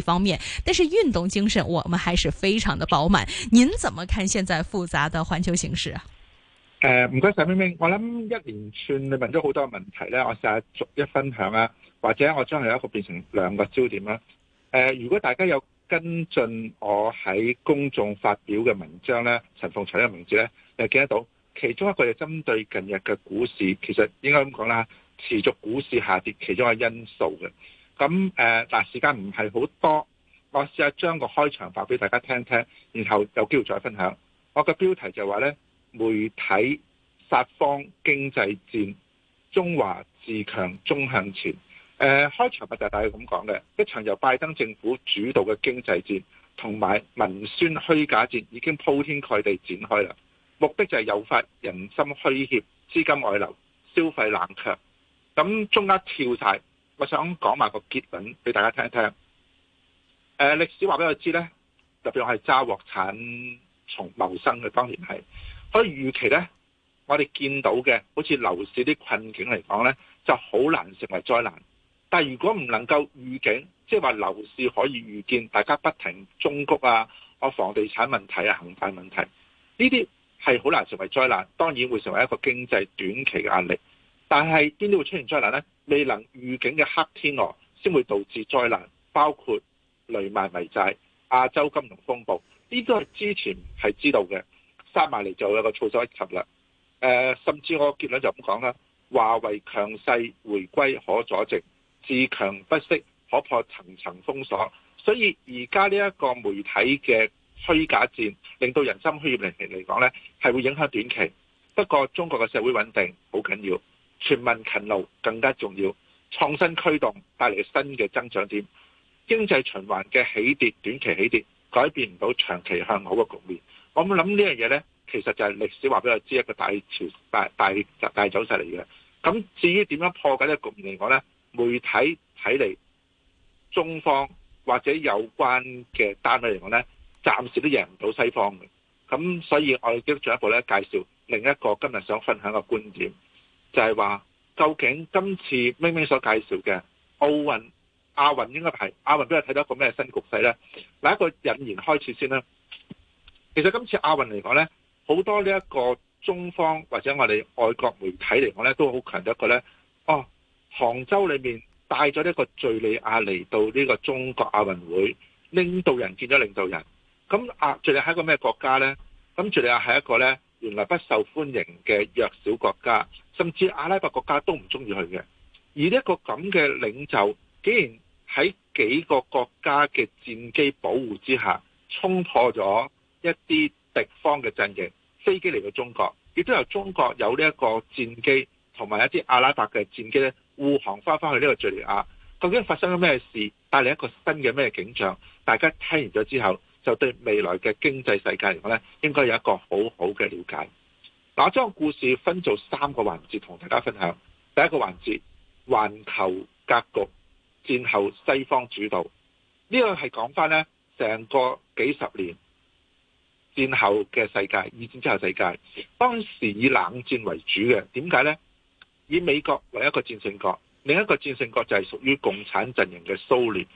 方面，但是運動精神，我們還是非常的飽滿。您怎麼看現在複雜的環球形勢啊？誒、呃，唔該，陳冰冰，我諗一連串你問咗好多問題咧，我試下逐一分享啦，或者我將有一個變成兩個焦點啦。誒、呃，如果大家有跟進我喺公眾發表嘅文章咧，陳鳳翔呢個名字咧，你見得到。其中一個就針對近日嘅股市，其實應該咁講啦，持續股市下跌其中嘅因素嘅。咁誒，但時間唔係好多，我試下將個開場發俾大家聽聽，然後有機會再分享。我嘅標題就係話呢，媒體撒謊、經濟戰，中華自強中向前。誒、呃，開場物就係大概咁講嘅，一場由拜登政府主導嘅經濟戰同埋民宣虛假戰已經鋪天蓋地展開啦，目的就係誘發人心虛怯、資金外流、消費冷卻，咁中間跳晒。我想講埋個結論俾大家聽一聽。誒，歷史話俾我知呢，特別我係揸鑊產從謀生嘅當年係。所以預期呢，我哋見到嘅好似樓市啲困境嚟講呢，就好難成為災難。但係如果唔能夠預警，即係話樓市可以預見，大家不停中谷啊、我房地產問題啊、恒大問題，呢啲係好難成為災難。當然會成為一個經濟短期嘅壓力。但係邊啲會出現災難呢？未能預警嘅黑天鵝先會導致災難，包括雷曼迷債、亞洲金融風暴，呢啲都係之前係知道嘅，殺埋嚟就有一個措手不及啦、呃。甚至我結論就咁講啦：華為強勢回歸可佐證自強不息可破層層封鎖。所以而家呢一個媒體嘅虛假戰，令到人心虛僆嚟講呢，係會影響短期。不過中國嘅社會穩定好緊要。全民勤勞更加重要，創新驅動帶嚟新嘅增長點。經濟循環嘅起跌，短期起跌改變唔到長期向好嘅局面。我諗呢樣嘢呢，其實就係歷史話俾我知一個大潮、大、大、大走勢嚟嘅。咁至於點樣破解呢個局面嚟講呢？媒體睇嚟中方或者有關嘅單位嚟講呢，暫時都贏唔到西方嘅。咁所以，我哋都進一步咧介紹另一個今日想分享嘅觀點。就係話，究竟今次明明所介紹嘅奧運亞運應該係亞運，邊度睇到一個咩新局勢呢？嗱，一個引言開始先啦。其實今次亞運嚟講呢，好多呢一個中方或者我哋外國媒體嚟講呢，都好強調一個呢，哦，杭州裏面帶咗呢一個敍利亞嚟到呢個中國亞運會，領導人見咗領導人。咁、啊、敍利亞係一個咩國家呢？咁敍利亞係一個呢，原來不受歡迎嘅弱小國家。甚至阿拉伯國家都唔中意去嘅，而呢一個咁嘅領袖，竟然喺幾個國家嘅戰機保護之下，衝破咗一啲敵方嘅陣營，飛機嚟到中國，亦都由中國有呢一個戰機同埋一啲阿拉伯嘅戰機咧護航翻翻去呢個敍利亞。究竟發生咗咩事，帶嚟一個新嘅咩景象？大家聽完咗之後，就對未來嘅經濟世界嚟講咧，應該有一個好好嘅了解。把將故事分做三個環節同大家分享。第一個環節，環球格局戰後西方主導，呢個係講翻呢成個幾十年戰後嘅世界，二戰之後世界，當時以冷戰為主嘅。點解呢？以美國為一個戰勝國，另一個戰勝國就係屬於共產陣營嘅蘇聯。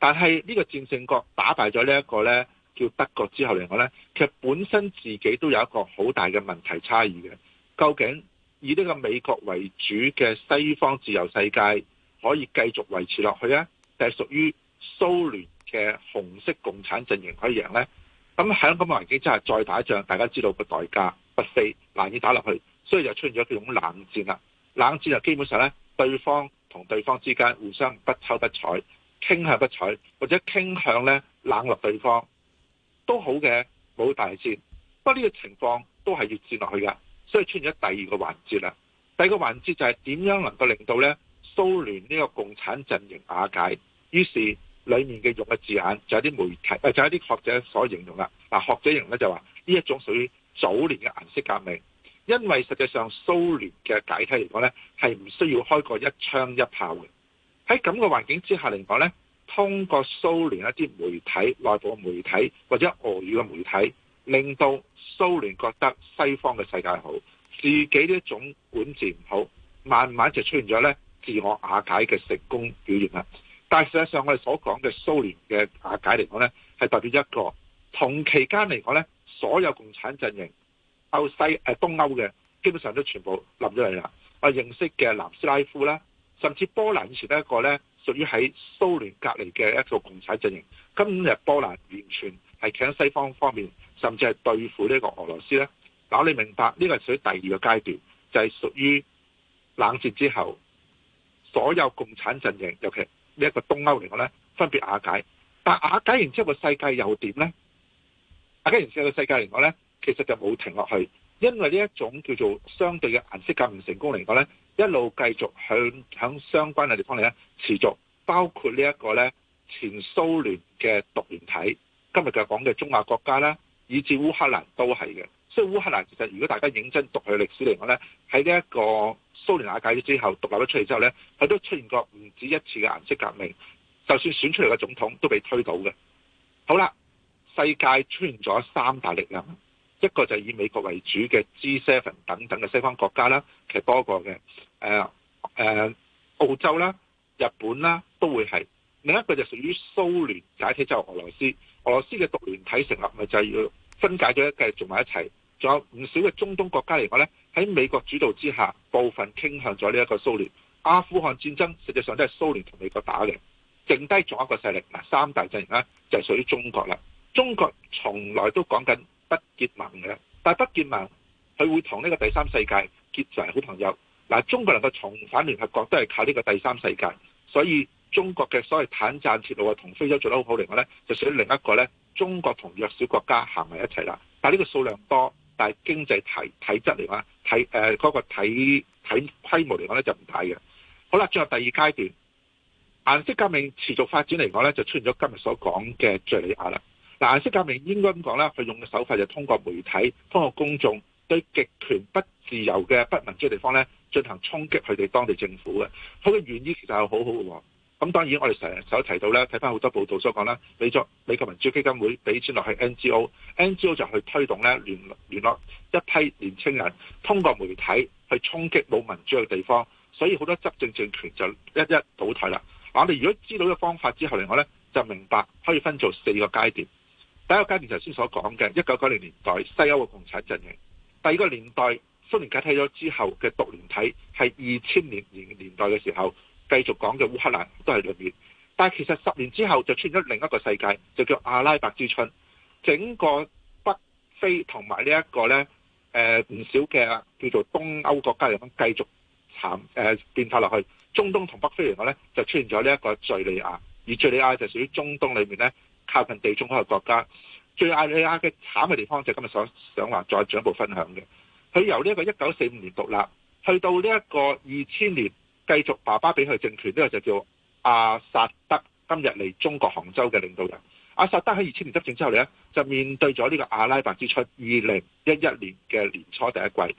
但係呢個戰勝國打敗咗呢一個呢。叫德國之後嚟講呢，其實本身自己都有一個好大嘅問題差異嘅。究竟以呢個美國為主嘅西方自由世界可以繼續維持落去呢？定係屬於蘇聯嘅紅色共產陣營可以贏呢？咁喺咁嘅環境之下，再打仗，大家知道個代價不菲，難以打落去，所以就出現咗一種冷戰啦。冷戰就基本上呢，對方同對方之間互相不抽不睬，傾向不睬，或者傾向呢冷落對方。都好嘅，冇大戰。不過呢個情況都係要戰落去㗎，所以出現咗第二個環節啦。第二個環節就係點樣能夠令到呢蘇聯呢個共產陣營瓦解？於是裏面嘅用嘅字眼就有啲媒體，就有啲學者所形容啦。嗱，學者形容呢就話呢一種屬於早年嘅顏色革命，因為實際上蘇聯嘅解體嚟講呢，係唔需要開過一槍一炮嘅。喺咁嘅環境之下嚟講呢。通過蘇聯一啲媒體、內部媒體或者俄語嘅媒體，令到蘇聯覺得西方嘅世界好，自己呢種管治唔好，慢慢就出現咗呢自我瓦解嘅成功表現啦。但係實際上我哋所講嘅蘇聯嘅瓦解嚟講呢，係代表一個，同期間嚟講呢，所有共產陣營歐西誒東歐嘅基本上都全部冧咗嚟啦。我認識嘅南斯拉夫咧，甚至波蘭以前一個呢。屬於喺蘇聯隔離嘅一個共產陣營，今日波蘭完全係企喺西方方面，甚至係對付呢個俄羅斯呢，嗱，你明白呢個係屬於第二個階段，就係屬於冷戰之後所有共產陣營，尤其呢一個東歐嚟講呢，分別瓦解。但瓦解完之後，個世界又點呢？瓦解完之後個世界嚟講呢，其實就冇停落去，因為呢一種叫做相對嘅顏色革命成功嚟講呢一路繼續向相關嘅地方嚟咧持續，包括呢一個咧前蘇聯嘅獨聯體，今日嘅講嘅中亞國家咧，以至烏克蘭都係嘅。所以烏克蘭其實如果大家認真讀佢歷史嚟講咧，喺呢一個蘇聯瓦解咗之後獨立咗出嚟之後咧，佢都出現過唔止一次嘅顏色革命，就算選出嚟嘅總統都被推倒嘅。好啦，世界出現咗三大力量。一個就係以美國為主嘅 G Seven 等等嘅西方國家啦，其實多過嘅誒誒澳洲啦，啊，日本啦，啊，都會係。另一個就屬於蘇聯解體之後，俄羅斯俄羅斯嘅獨聯體成立咪就係要分解咗一計做埋一齊。仲有唔少嘅中東國家嚟講呢，喺美國主導之下部分傾向咗呢一個蘇聯，阿富汗戰爭實際上都係蘇聯同美國打嘅。剩低仲有一個勢力嗱，三大陣營呢，就係屬於中國啦。中國從來都講緊。不結盟嘅，但係不結盟，佢會同呢個第三世界結成好朋友。嗱，中國能夠重返聯合國都係靠呢個第三世界。所以中國嘅所謂坦贊鐵路啊，同非洲做得好好嚟講呢，就屬於另一個呢，中國同弱小國家行埋一齊啦。但係呢個數量多，但係經濟體體質嚟講，睇誒嗰個體體規模嚟講呢，就唔大嘅。好啦，進入第二階段，顏色革命持續發展嚟講呢，就出現咗今日所講嘅敍利亞啦。藍色革命應該點講啦，佢用嘅手法就通過媒體，通過公眾對極權不自由嘅不民主嘅地方咧，進行衝擊佢哋當地政府嘅。佢嘅原意其實係好好嘅。咁當然我哋成日都提到呢，睇翻好多報道所講咧，美作美國民主基金會俾錢落去 NGO，NGO 就去推動呢聯，聯絡一批年青人，通過媒體去衝擊冇民主嘅地方。所以好多執政政權就一一倒退啦。我哋如果知道呢個方法之後嚟，我呢就明白可以分做四個階段。第一個階段頭先所講嘅一九九零年代西歐嘅共產陣營，第二個年代蘇聯解體咗之後嘅獨聯體，係二千年年年代嘅時候繼續講嘅烏克蘭都係裡面，但係其實十年之後就出現咗另一個世界，就叫阿拉伯之春，整個北非同埋呢一個呢，誒唔少嘅叫做東歐國家嚟講繼續殘誒變態落去，中東同北非嚟講呢，就出現咗呢一個敍利亞，而敍利亞就屬於中東裡面呢。靠近地中海嘅國家，最敘利亞嘅慘嘅地方就係今日想想話再進一步分享嘅。佢由呢一個一九四五年獨立，去到呢一個二千年繼續爸爸俾佢政權，呢、呢個就叫阿薩德。今日嚟中國杭州嘅領導人阿薩德喺二千年執政之後嚟就面對咗呢個阿拉伯之春。二零一一年嘅年初第一季，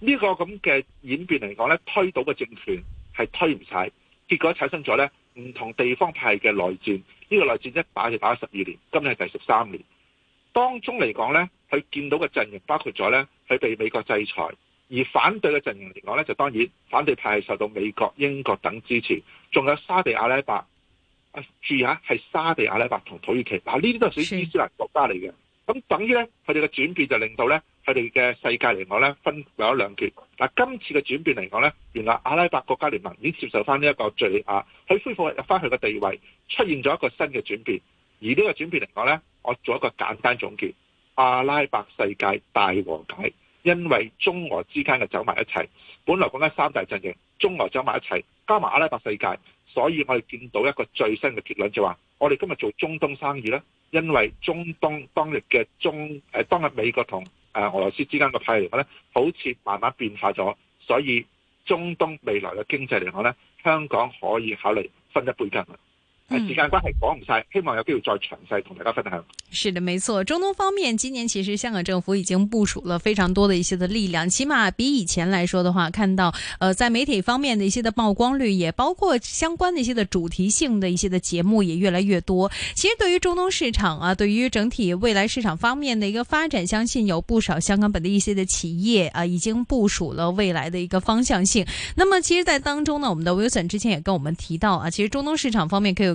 呢、呢個咁嘅演變嚟講呢推倒嘅政權係推唔晒，結果產生咗呢唔同地方派嘅內戰。呢個內戰一打，就打咗十二年，今年係第十三年。當中嚟講呢，佢見到嘅陣營包括咗呢，佢被美國制裁，而反對嘅陣營嚟講呢就當然反對派係受到美國、英國等支持，仲有沙地阿拉伯。注意一下，係沙地阿拉伯同土耳其，嗱呢啲都係屬於伊斯蘭國家嚟嘅。咁的等於呢，佢哋嘅轉變就令到呢。我哋嘅世界嚟講呢，分為咗兩橛。嗱，今次嘅轉變嚟講呢，原來阿拉伯國家聯盟已經接受翻呢一個敘利亞。啊，佢恢復翻佢嘅地位，出現咗一個新嘅轉變。而呢個轉變嚟講呢，我做一個簡單總結：阿拉伯世界大和解，因為中俄之間嘅走埋一齊。本來講緊三大陣營，中俄走埋一齊，加埋阿拉伯世界，所以我哋見到一個最新嘅結論，就話我哋今日做中東生意呢，因為中東當日嘅中誒當日美國同。誒、啊、俄羅斯之間嘅派系咧，好似慢慢變化咗，所以中東未來嘅經濟嚟講咧，香港可以考慮分一杯羹。時間關係講唔晒，希望有機會再詳細同大家分享。是的，沒錯。中東方面今年其實香港政府已經部署了非常多的一些的力量，起碼比以前來說的話，看到，呃，在媒體方面的一些的曝光率，也包括相關的一些的主題性的一些的節目也越來越多。其實對於中東市場啊，對於整體未來市場方面的一個發展，相信有不少香港本地一些的企業啊，已經部署了未來的一個方向性。那麼其實，在當中呢，我們的 Wilson 之前也跟我們提到啊，其實中東市場方面可以。